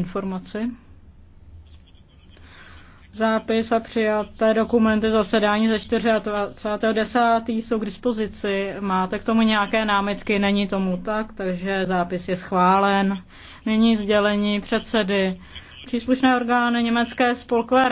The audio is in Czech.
informaci. Zápis a přijaté dokumenty zasedání ze 24.10. jsou k dispozici. Máte k tomu nějaké námitky? Není tomu tak, takže zápis je schválen. Nyní sdělení předsedy. Příslušné orgány Německé spolkové